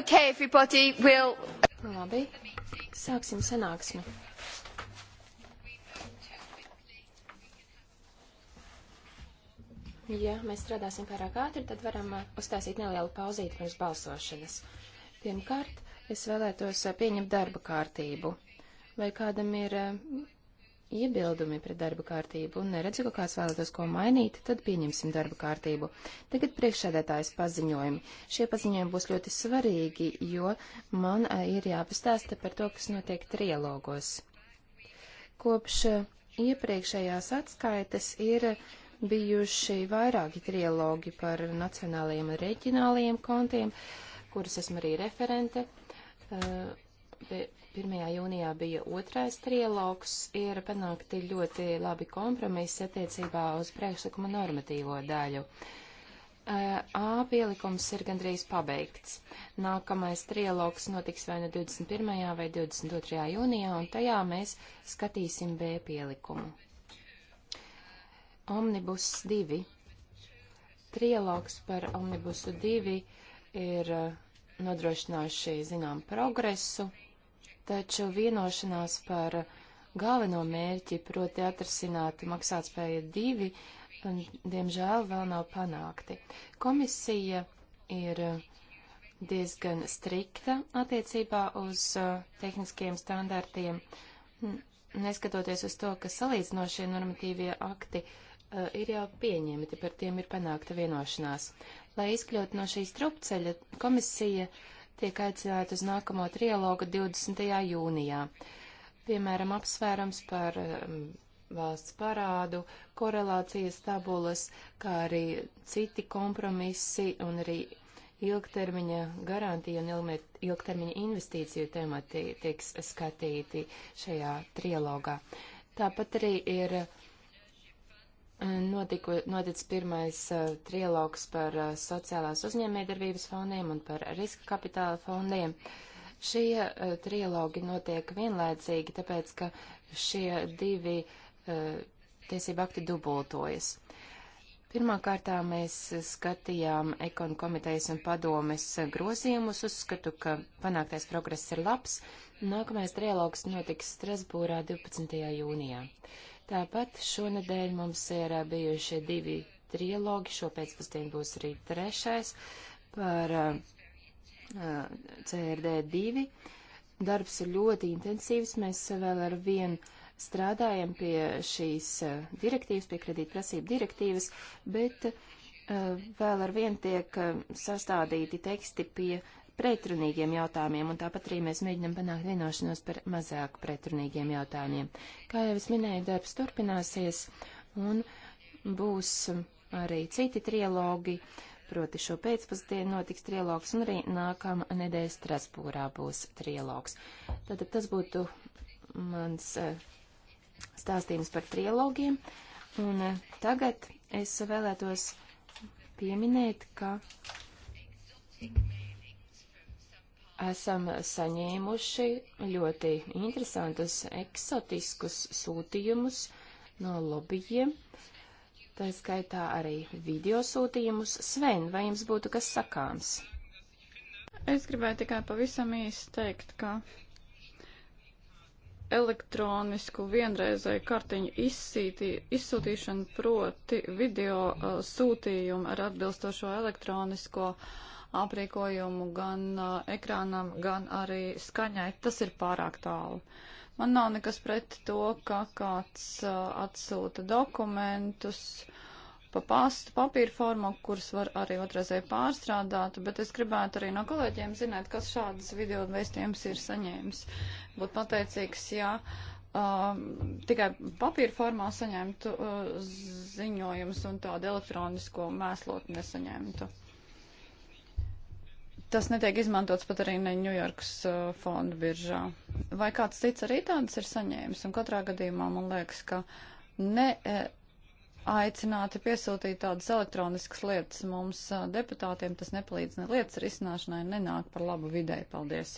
Okay, everybody, we'll... Nu, labi, sāksim sanāksmi. Ja mēs strādāsim pārāk ātri, tad varam uh, uztaisīt nelielu pauzīti pirms balsošanas. Pirmkārt, es vēlētos uh, pieņemt darba kārtību. Vai kādam ir uh, iebildumi pret darba kārtību un neredzu, ka kāds vēlētos ko mainīt, tad pieņemsim darba kārtību. Tagad priekšsēdētājs paziņojumi. Šie paziņojumi būs ļoti svarīgi, jo man eh, ir jāpastāsta par to, kas notiek trialogos. Kopš eh, iepriekšējās atskaites ir bijuši vairāki trialogi par nacionālajiem un reģionālajiem kontiem, kuras esmu arī referente. Uh, 1. jūnijā bija otrais trialogs, ir panākti ļoti labi kompromisi attiecībā uz priekšlikuma normatīvo daļu. A pielikums ir gandrīz pabeigts. Nākamais trialogs notiks vai nu no 21. vai 22. jūnijā, un tajā mēs skatīsim B pielikumu. Omnibus 2. Trialogs par Omnibusu 2 ir nodrošinājuši zinām progresu taču vienošanās par galveno mērķi, proti atrasināt maksātspēja divi, diemžēl vēl nav panākti. Komisija ir diezgan strikta attiecībā uz uh, tehniskiem standartiem, neskatoties uz to, ka salīdzinošie normatīvie akti uh, ir jau pieņemti, par tiem ir panākta vienošanās. Lai izkļūtu no šīs trupceļa, komisija uh, tiek aicināti uz nākamo trialogu 20. jūnijā. Piemēram, apsvērums par um, valsts parādu, korelācijas tabulas, kā arī citi kompromisi un arī ilgtermiņa garantija un ilgtermiņa investīciju temati tiks skatīti šajā trilogā. Tāpat arī ir uh, Notiku, noticis pirmais uh, trialogs par uh, sociālās uzņēmējdarbības fondiem un par riska kapitāla fondiem. Šie uh, trialogi notiek vienlaicīgi, tāpēc, ka šie divi uh, tiesība akti dubultojas. Pirmkārtā mēs skatījām ekonu komitejas un padomes grozījumus, uzskatu, ka panāktais progress ir labs. Nākamais trialogs notiks Strasbūrā 12. jūnijā. Uh, Tāpat šonadēļ mums ir bijušie divi trilogi, šopēcpusdien būs arī trešais par uh, CRD2. Darbs ir ļoti intensīvs, mēs vēl ar vienu strādājam pie šīs direktīvas, pie kredītprasību direktīvas, bet uh, vēl ar vien tiek sastādīti teksti pie pretrunīgiem jautājumiem, un tāpat arī mēs mēģinam panākt vienošanos par mazāk pretrunīgiem jautājumiem. Kā jau es minēju, darbs turpināsies, un būs arī citi trilogi, proti šo pēcpusdienu notiks trilogs, un arī nākamā nedēļa Strasbūrā būs trilogs. Tātad tas būtu mans eh, stāstījums par trilogiem, un eh, tagad es vēlētos pieminēt, ka esam saņēmuši ļoti interesantus, eksotiskus sūtījumus no lobbyiem. Tā skaitā arī video sūtījumus. Sven, vai jums būtu kas sakāms? Es gribēju tikai pavisam īsi teikt, ka elektronisku vienreizēju kartiņu izsītī, izsūtīšanu proti video uh, sūtījumu ar atbilstošo elektronisko uh, aprīkojumu gan uh, ekrānam, gan arī skaņai. Tas ir pārāk tālu. Man nav nekas pret to, ka kāds uh, atsūta dokumentus pa pastu papīra formā, kurus var arī otrreizēji pārstrādāt, bet es gribētu arī no kolēģiem zināt, kas šādas video vēstījumus ir saņēmis. Būtu pateicīgs, ja um, tikai papīra formā saņemtu uh, ziņojumus un tādu elektronisko mēslotu nesaņemtu tas netiek izmantots pat arī ne Ņujorkas uh, fondu biržā. Vai kāds cits arī tādas ir saņēmis? Un katrā gadījumā man liekas, ka ne e, aicināti piesūtīt tādas elektroniskas lietas mums uh, deputātiem, tas nepalīdz ne lietas risināšanai, nenāk par labu videi. Paldies!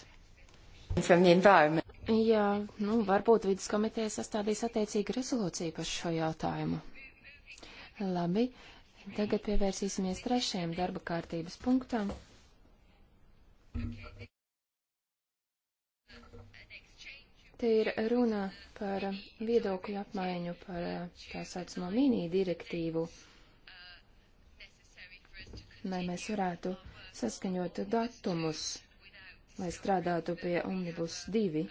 Jā, nu, varbūt vidas komiteja sastādīs attiecīgu rezolūciju par šo jautājumu. Labi, tagad pievērsīsimies trešajam darba kārtības punktam. Te ir runa par viedokļu apmaiņu par tā saucamo mini direktīvu, lai mēs varētu saskaņot datumus, lai strādātu pie Omnibus 2,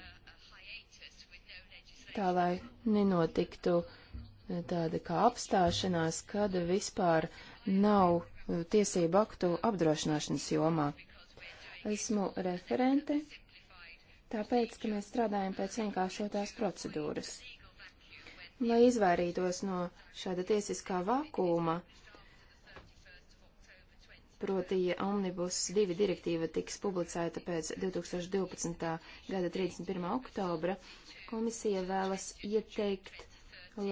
tā lai nenotiktu tāda kā apstāšanās, kad vispār nav tiesību aktu apdrošināšanas jomā. Esmu referente, tāpēc, ka mēs strādājam pēc vienkāršotās procedūras. Lai izvairītos no šāda tiesiskā vakuma, proti, ja Omnibus 2 direktīva tiks publicēta pēc 2012. gada 31. oktobra, komisija vēlas ieteikt,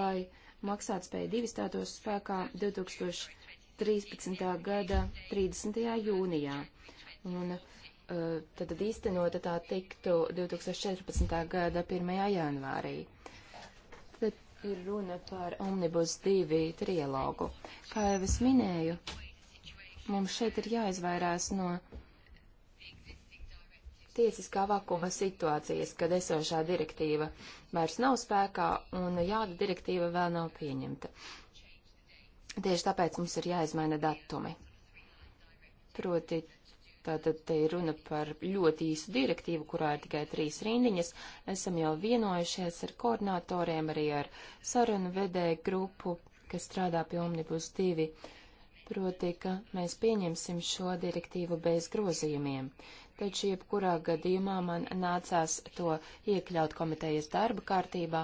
lai maksātspēja 2 stātos spēkā 2013. gada 30. jūnijā. Un Eh, tad, tad īstenota tā tiktu 2014. gada 1. janvārī. Tad ir runa par Omnibus 2 trialogu. Kā jau es minēju, mums šeit ir jāizvairās no tiesiskā vakuma situācijas, kad esošā direktīva vairs nav spēkā un jāda direktīva vēl nav pieņemta. Tieši tāpēc mums ir jāizmaina datumi. Proti Tātad te ir runa par ļoti īsu direktīvu, kurā ir tikai trīs rindiņas. Esam jau vienojušies ar koordinatoriem, arī ar sarunu vedēju grupu, kas strādā pie Omnibus 2. Proti, ka mēs pieņemsim šo direktīvu bez grozījumiem. Taču jebkurā gadījumā man nācās to iekļaut komitejas darba kārtībā,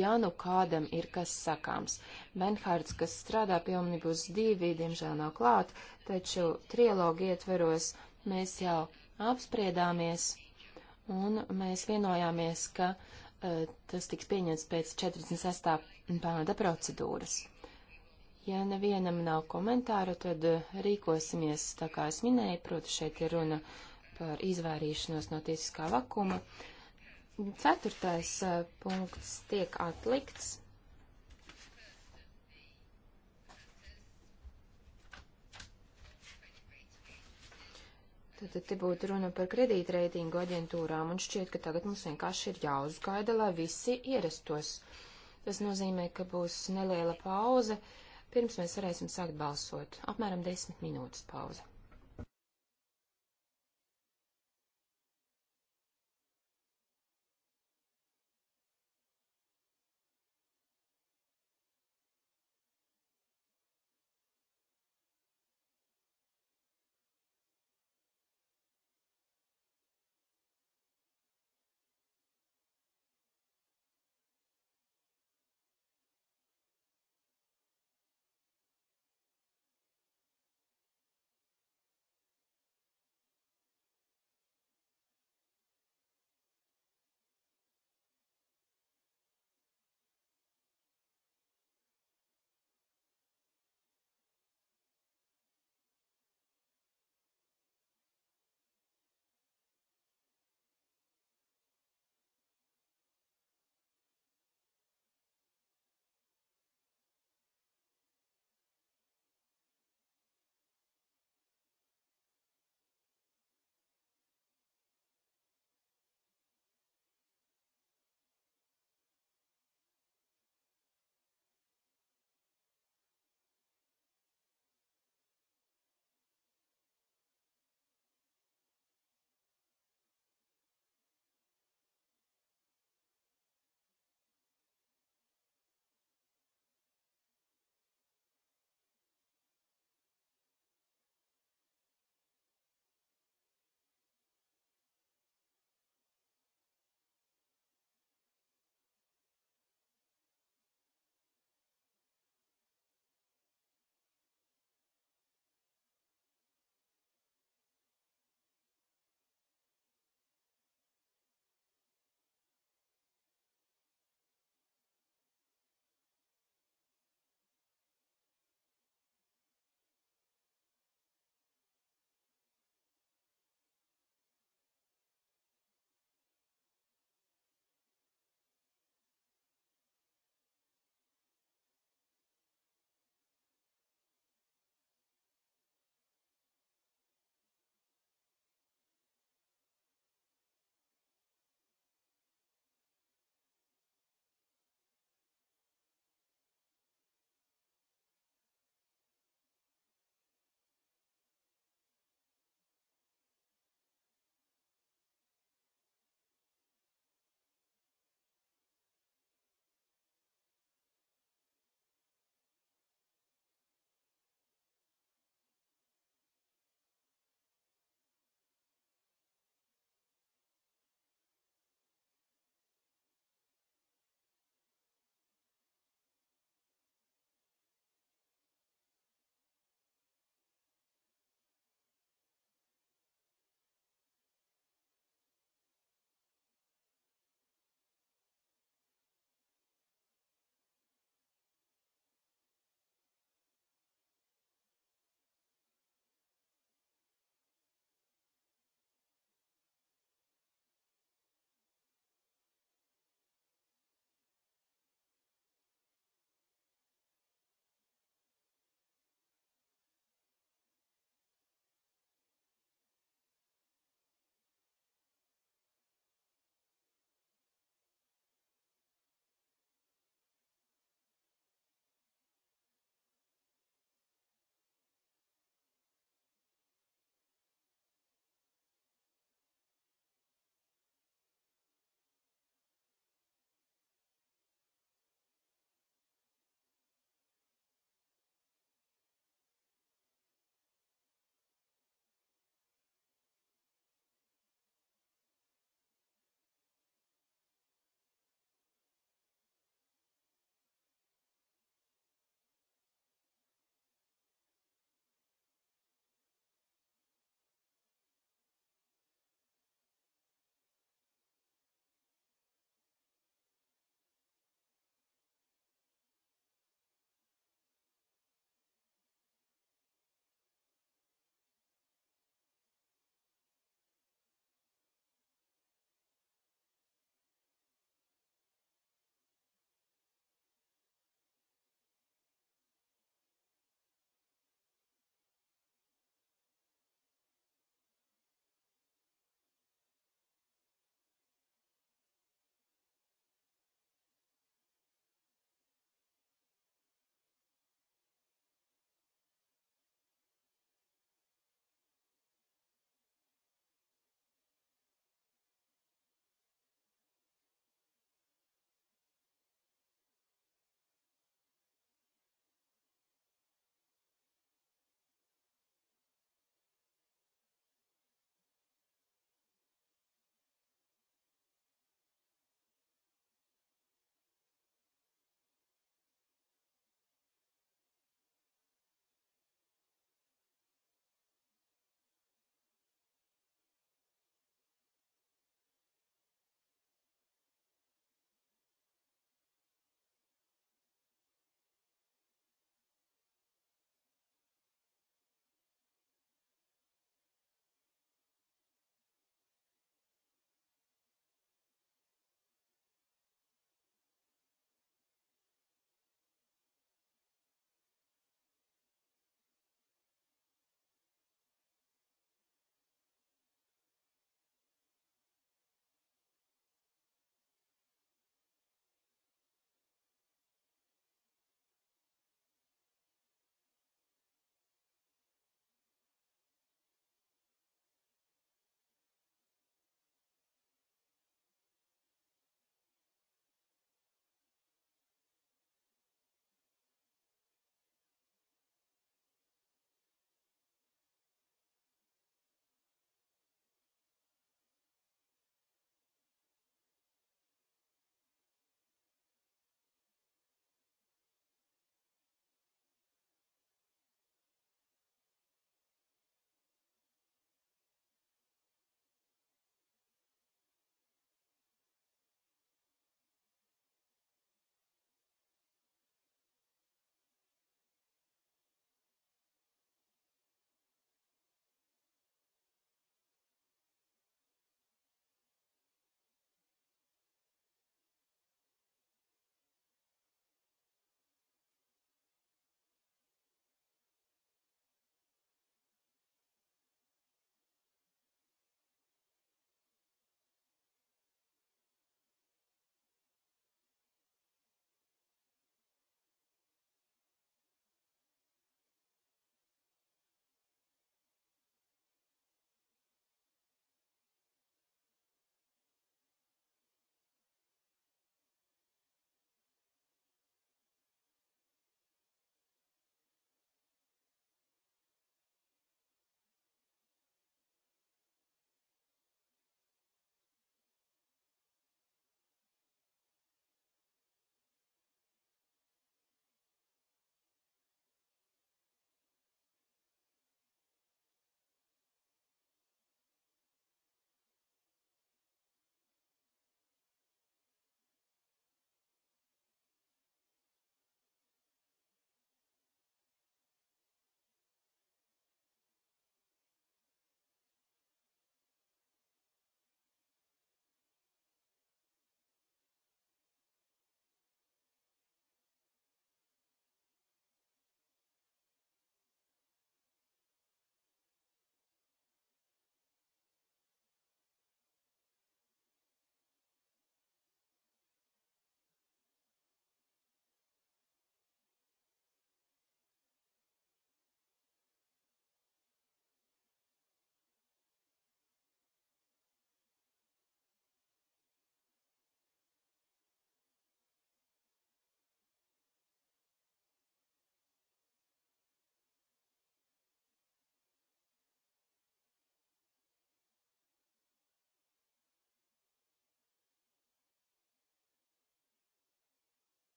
ja nu kādam ir kas sakāms. Benhārds, kas strādā pie Omnibus 2, diemžēl nav klāt, taču trilogu ietveros mēs jau apspriedāmies, un mēs vienojāmies, ka uh, tas tiks pieņemts pēc 46. pānta procedūras. Ja nevienam nav komentāru, tad eh, rīkosimies, tā kā es minēju, proti šeit ir runa par izvairīšanos no tiesiskā vakuma. Ceturtais uh, punkts tiek atlikts, Tad te būtu runa par kredītreitingu aģentūrām, un šķiet, ka tagad mums vienkārši ir jāuzgaida, lai visi ierastos. Tas nozīmē, ka būs neliela pauze, pirms mēs varēsim sākt balsot. Apmēram desmit minūtes pauze.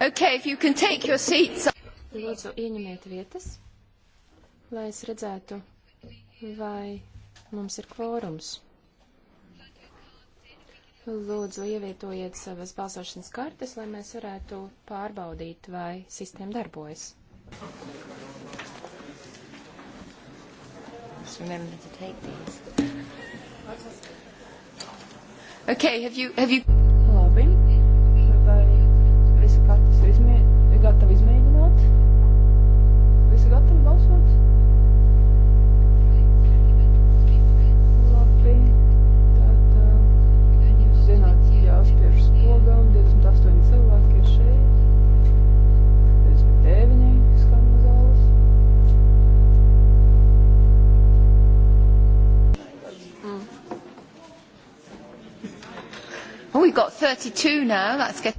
Okay, if you can take your seats. Lūdzu, ieņemiet vietas, lai es redzētu, vai mums ir kvorums. Lūdzu, ievietojiet savas balsošanas kartes, lai mēs varētu pārbaudīt, vai sistēma darbojas. Okay, have you, have you... 32 now. That's good.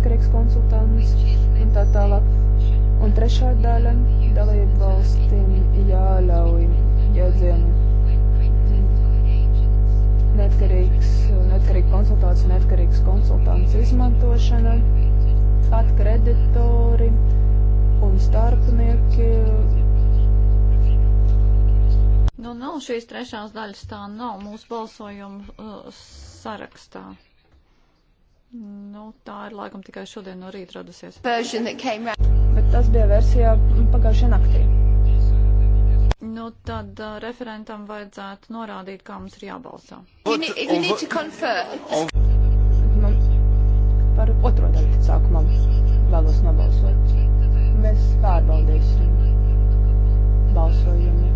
neatkarīgs konsultants un tā tālāk. Un trešā daļa - dalību valstīm jāļauj jēdzienu neatkarīgs, neatkarīga konsultācija, neatkarīgs konsultants izmantošana, atkreditori un starpnieki. Nu, nav šīs trešās daļas, tā nav mūsu balsojuma uh, sarakstā. Nu, tā ir laikam tikai šodien no rīta radusies. Bet tas bija versijā pagājušajā naktī. Nu, tad uh, referentam vajadzētu norādīt, kā mums ir jābalsā. But, you need, you need nu, par otro daļu sākumā vēlos nobalsot. Mēs pārbaudīsim balsojumu.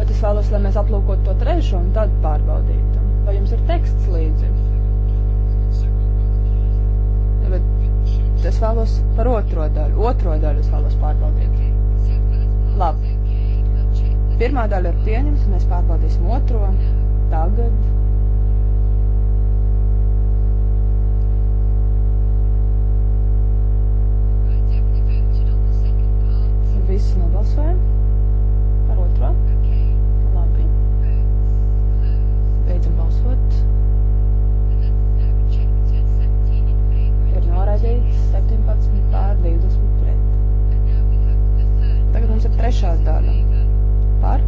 Bet es vēlos, lai mēs aplūkotu to trešo un tad pārbaudītu. Vai jums ir teksts līdzi? Bet es vēlos par otro daļu. Otro daļu es vēlos pārbaudīt. Labi. Pirmā daļa ir pieņemta, mēs pārbaudīsim otro. Tagad. Visi nobalsoja par otro. Beidzam balsot. Ir noraidīts 17 pār 20 pret. Tagad mums ir trešā daļa. Par,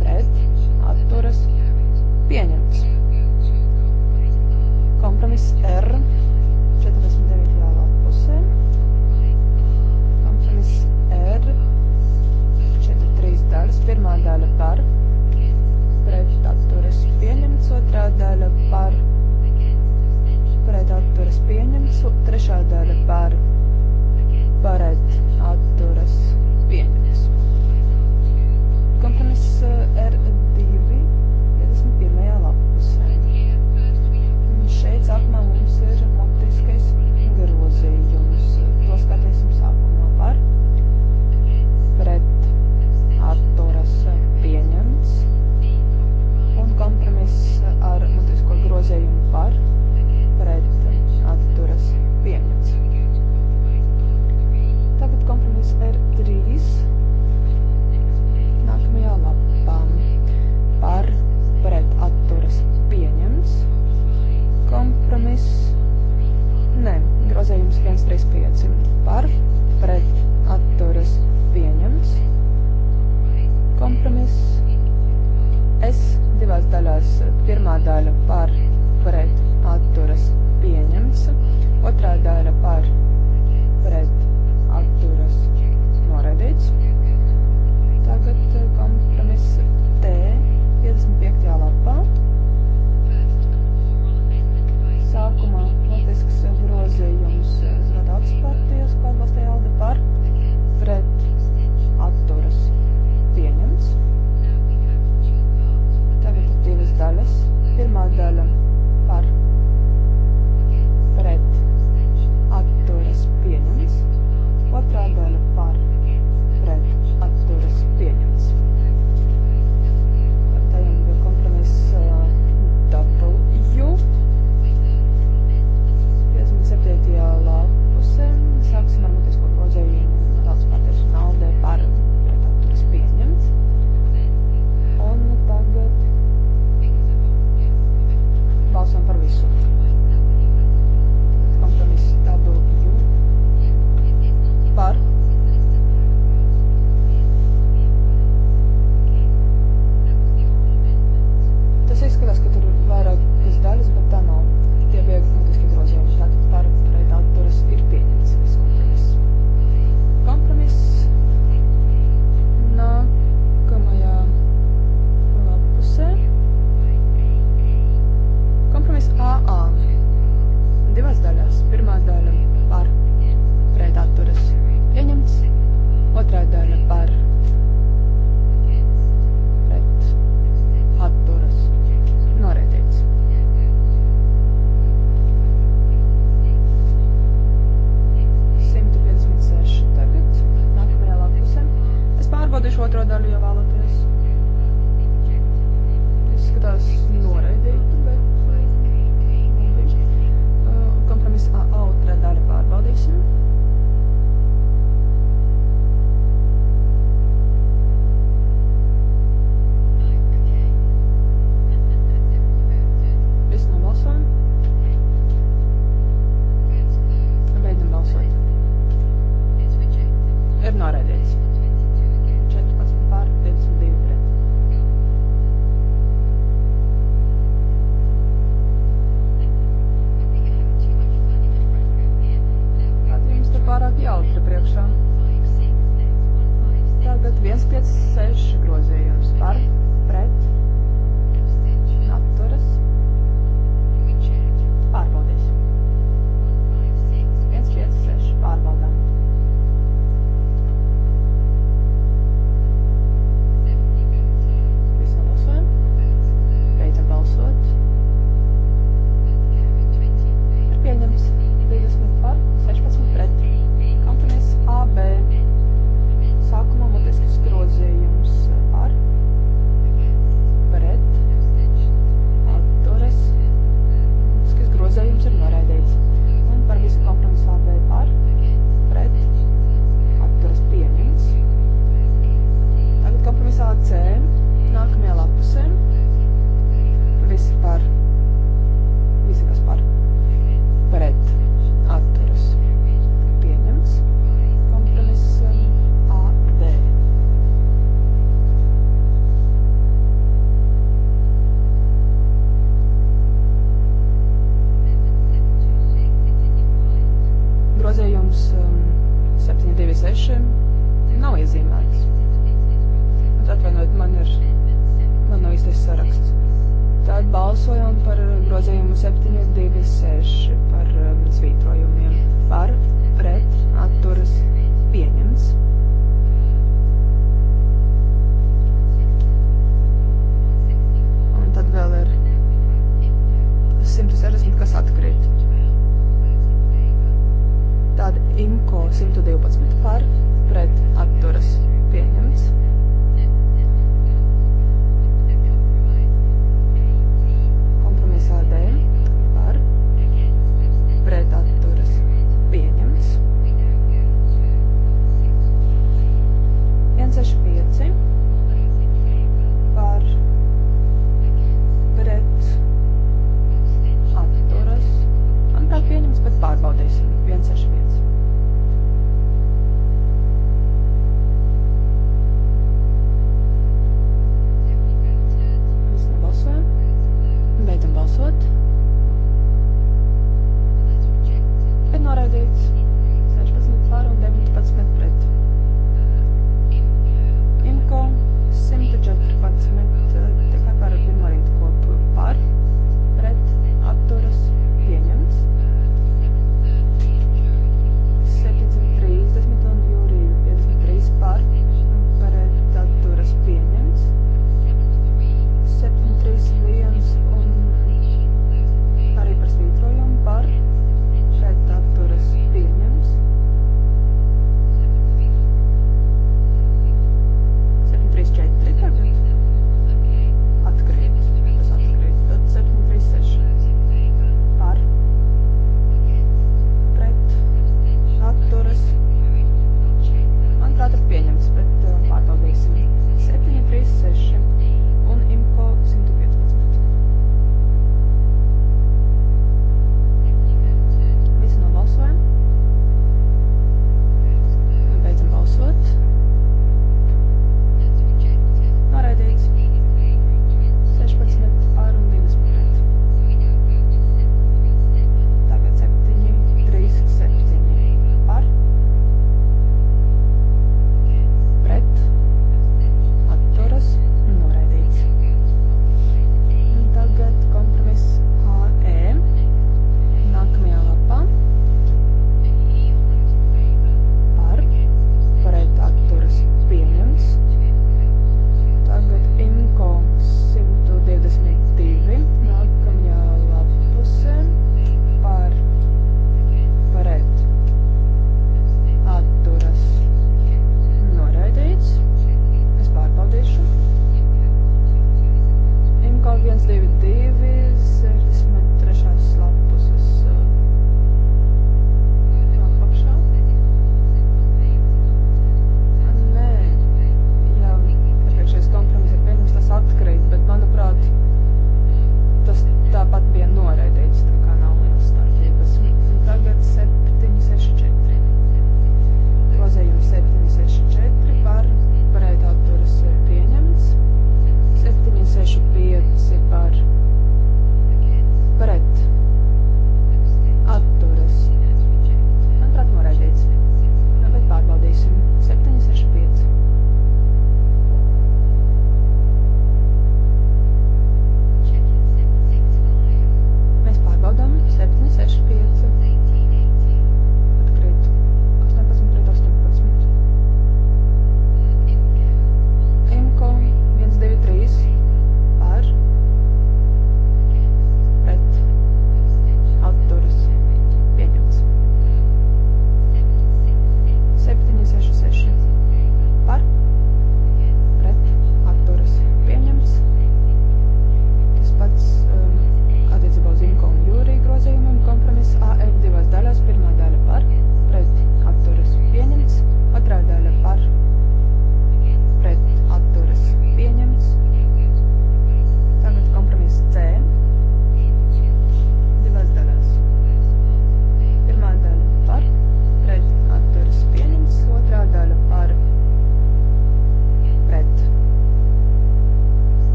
pret, atturas, pieņemts. Kompromiss R 49. lapusē. Kompromiss R tiešādara par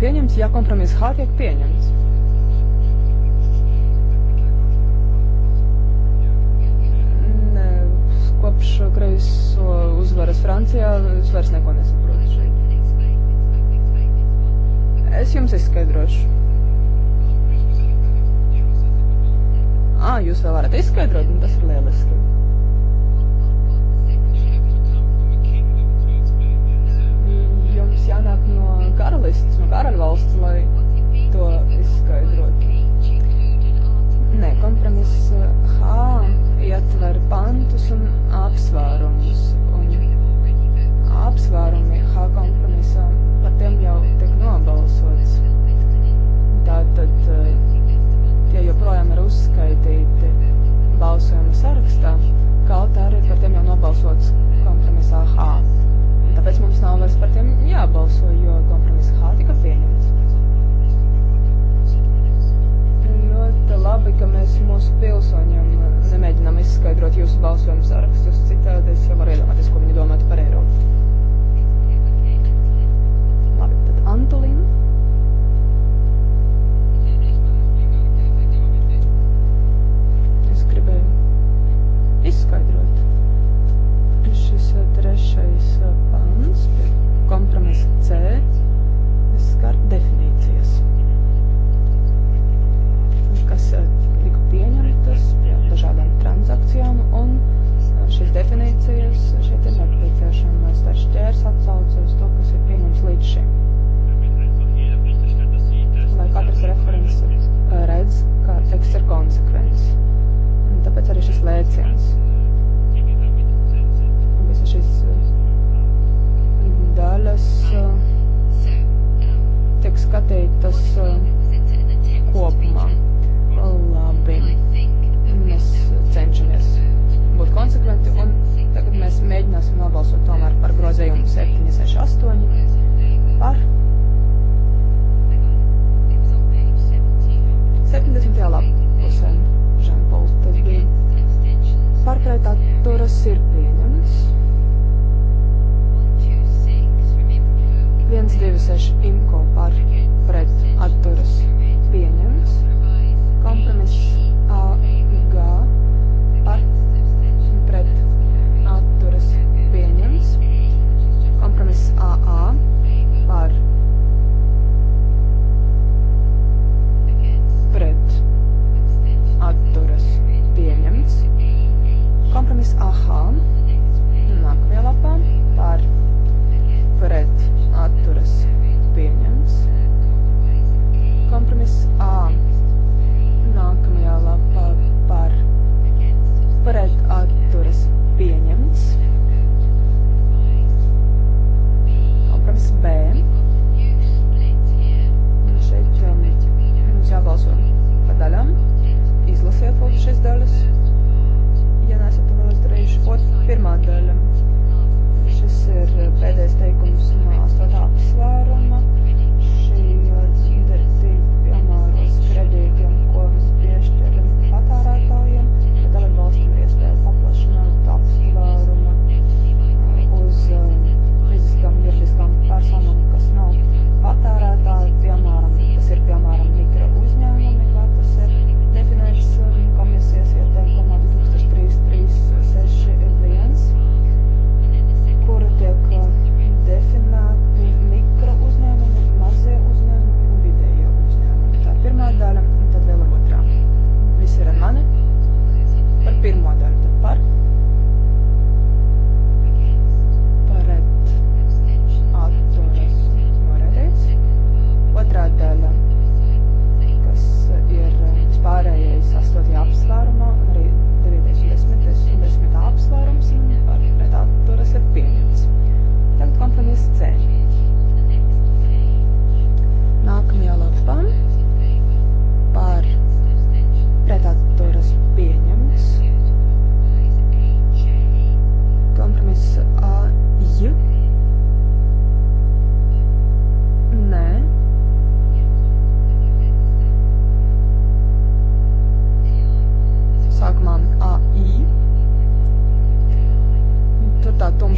pieņemts, ja kompromiss H tiek pieņemts.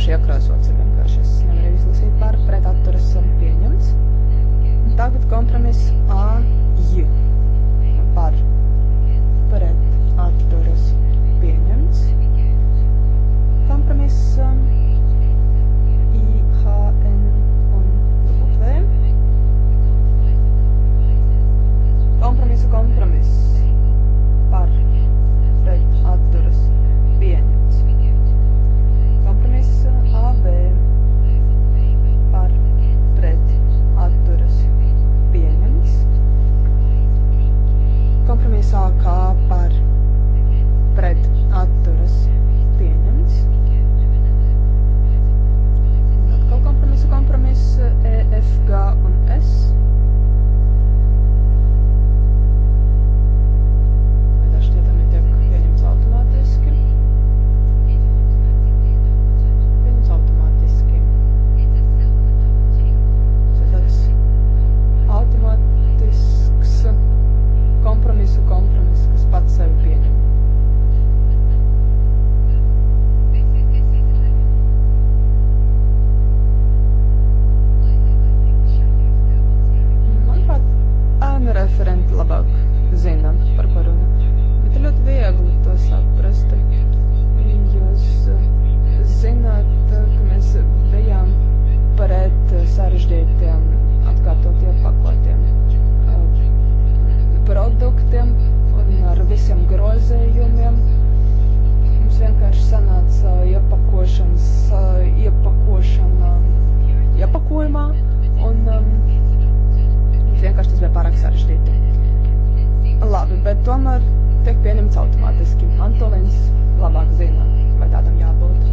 vienkārši iekrāsot. tomēr tiek pieņemts automātiski. Antolins labāk zina, vai tādam jābūt.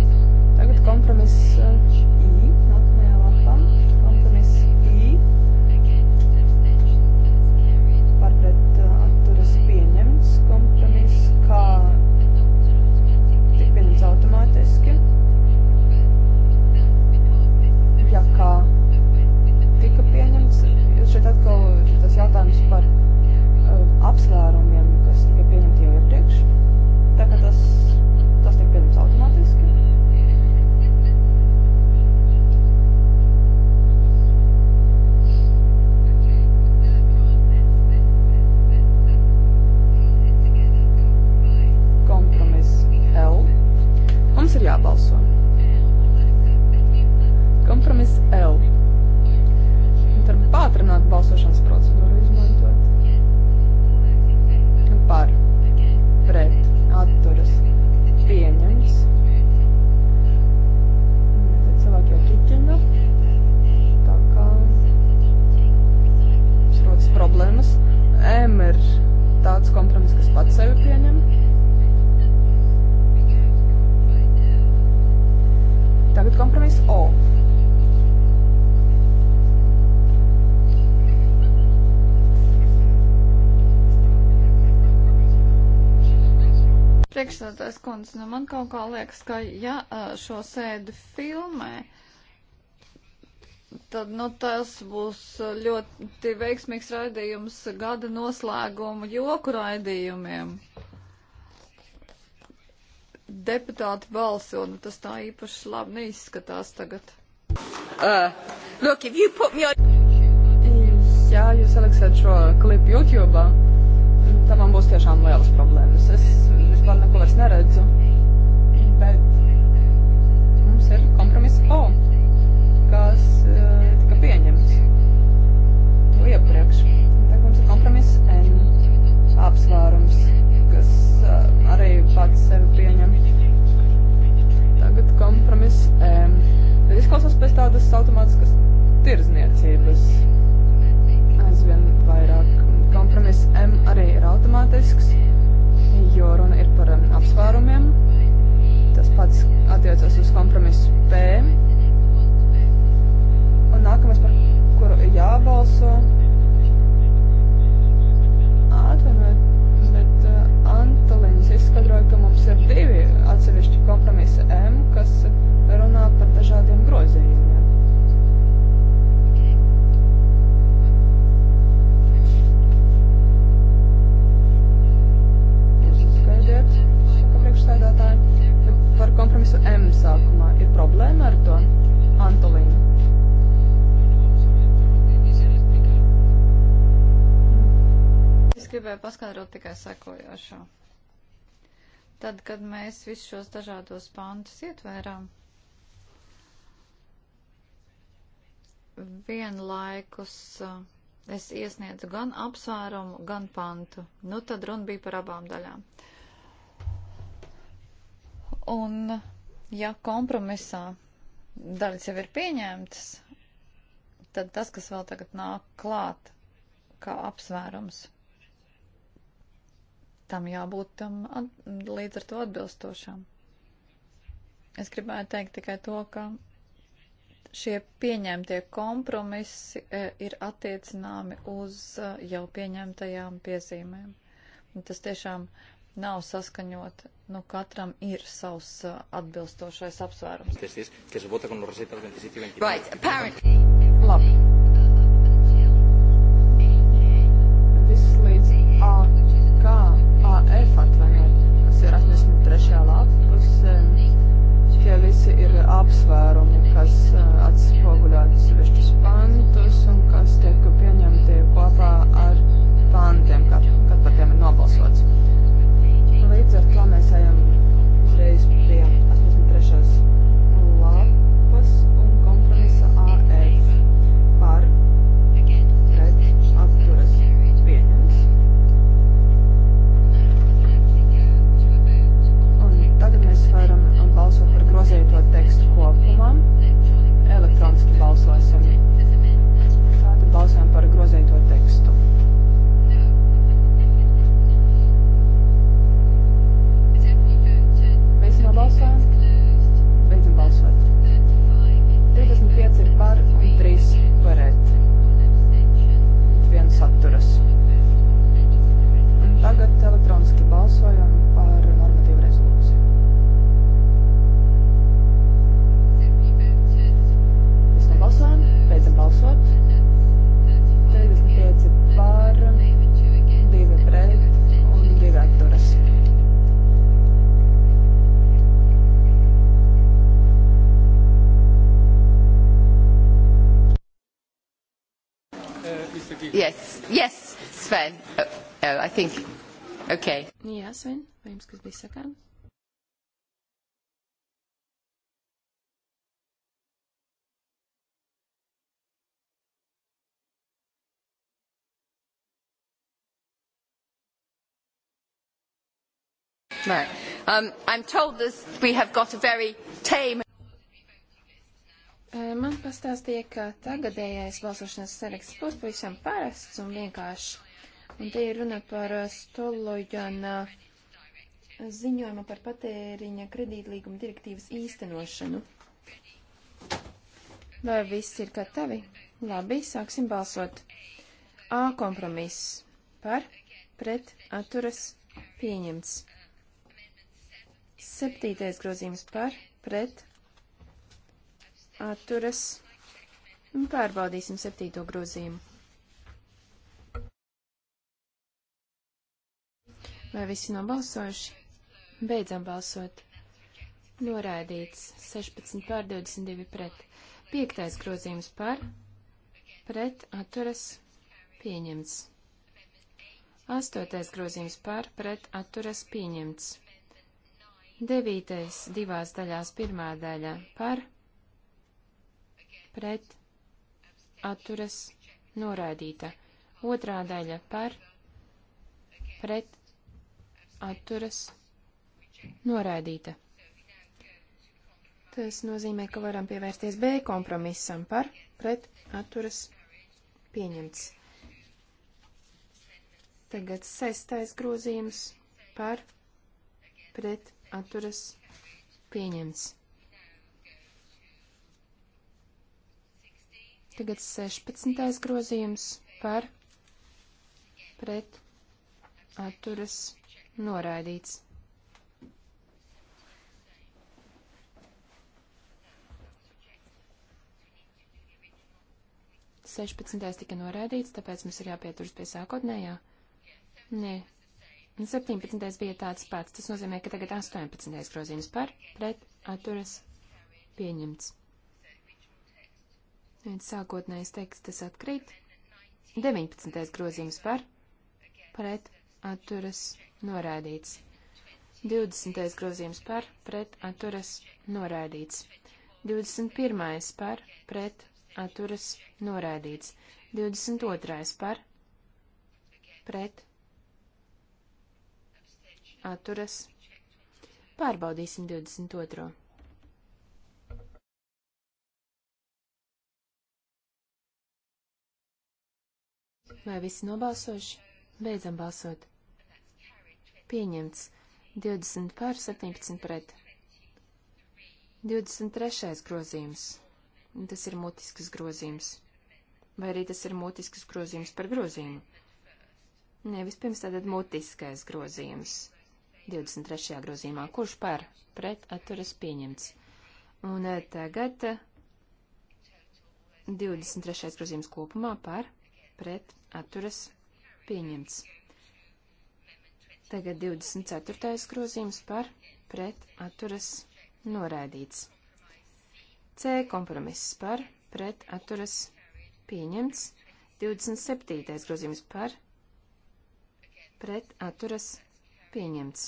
Tagad kompromiss eh, kundze, nu man kaut kā liekas, ka ja šo sēdi filmē, tad, nu, tas būs ļoti veiksmīgs raidījums gada noslēgumu joku raidījumiem. Deputāti balso, nu tas tā īpaši labi neizskatās tagad. Uh, look, if you put me on... Jā, jūs ieliksiet šo klipu YouTube tad man būs tiešām lielas problēmas. Es vispār neko vairs neredzu. gribēju paskaidrot tikai sekojošo. Tad, kad mēs visus šos dažādos pantus ietvērām, vienlaikus eh, es iesniedzu gan apsvērumu, gan pantu. Nu, tad runa bija par abām daļām. Un, ja kompromisā daļas jau ir pieņemtas, tad tas, kas vēl tagad nāk klāt, kā apsvērums, tam jābūt tam at, līdz ar to atbilstošām. Es gribētu teikt tikai to, ka šie pieņemtie kompromisi e, ir attiecināmi uz e, jau pieņemtajām piezīmēm. Un tas tiešām nav saskaņot, nu katram ir savs e, atbilstošais apsvērums. Right, apparently. Labi. Jā, Sven, vai jums kas bija sakām? No. Um, I'm told this, we have got a very tame Man pastāstīja, ka tagadējais balsošanas saraksts būs pavisam parasts un vienkārši Un te ir runa par eh, Stolojana eh, ziņojumu par patēriņa kredītlīguma direktīvas īstenošanu. Vai viss ir gatavi? Labi, sāksim balsot. A kompromiss par, pret, atturas, pieņemts. Septītais grozījums par, pret, atturas, un pārbaudīsim septīto grozījumu. Vai visi nobalsojuši? Beidzam balsot. Noraidīts 16 pār 22 pret. Piektais grozījums par, pret atturas pieņemts. Astotais grozījums par, pret atturas pieņemts. Devītais divās daļās pirmā daļa par, pret atturas noraidīta. Otrā daļa par, pret atturas, noraidīta. Tas nozīmē, ka varam pievērsties B kompromisam par, pret, atturas, pieņemts. Tagad sestais grozījums par, pret, atturas, pieņemts. Tagad 16. grozījums par pret atturas Noraidīts. Sešpadsmitais tika noraidīts, tāpēc mums ir jāpieturas pie sākotnējā. Nē. 17. bija tāds pats. Tas nozīmē, ka tagad 18. grozījums par pret atturas pieņemts. Sākotnējais teksts atkrīt. 19. grozījums par pret atturas norādīts. 20. grozījums par pret atturas norādīts. 21. par pret atturas norādīts. 22. par pret atturas. Pārbaudīsim 22. Vai visi nobalsoši? Beidzam balsot. Pieņemts. 20 pār 17 pret. 23. grozījums. Tas ir mutisks grozījums. Vai arī tas ir mutisks grozījums par grozījumu? Nē, vispirms tātad mutiskais grozījums. 23. grozījumā. Kurš par? Pret atturas pieņemts. Un eh, tagad 23. Eh, grozījums kopumā par pret atturas pieņemts. Tagad 24. grozījums par pret atturas noraidīts. C kompromiss par pret atturas pieņemts. 27. grozījums par pret atturas pieņemts.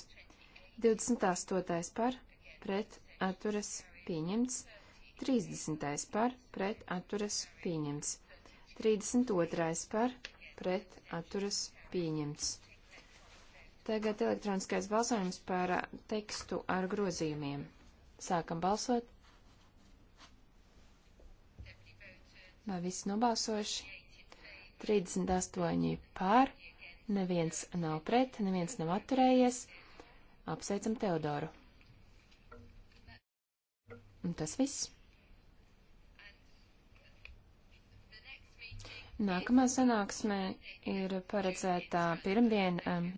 28. par pret atturas pieņemts. 30. par pret atturas pieņemts. 32. par pret atturas pieņemts. Tagad elektroniskais balsojums par tekstu ar grozījumiem. Sākam balsot. Vai visi nobalsojuši? 38 pār, neviens nav pret, neviens nav atturējies. Apsveicam Teodoru. Un tas viss. Nākamā sanāksme ir paredzētā pirmdien. Um,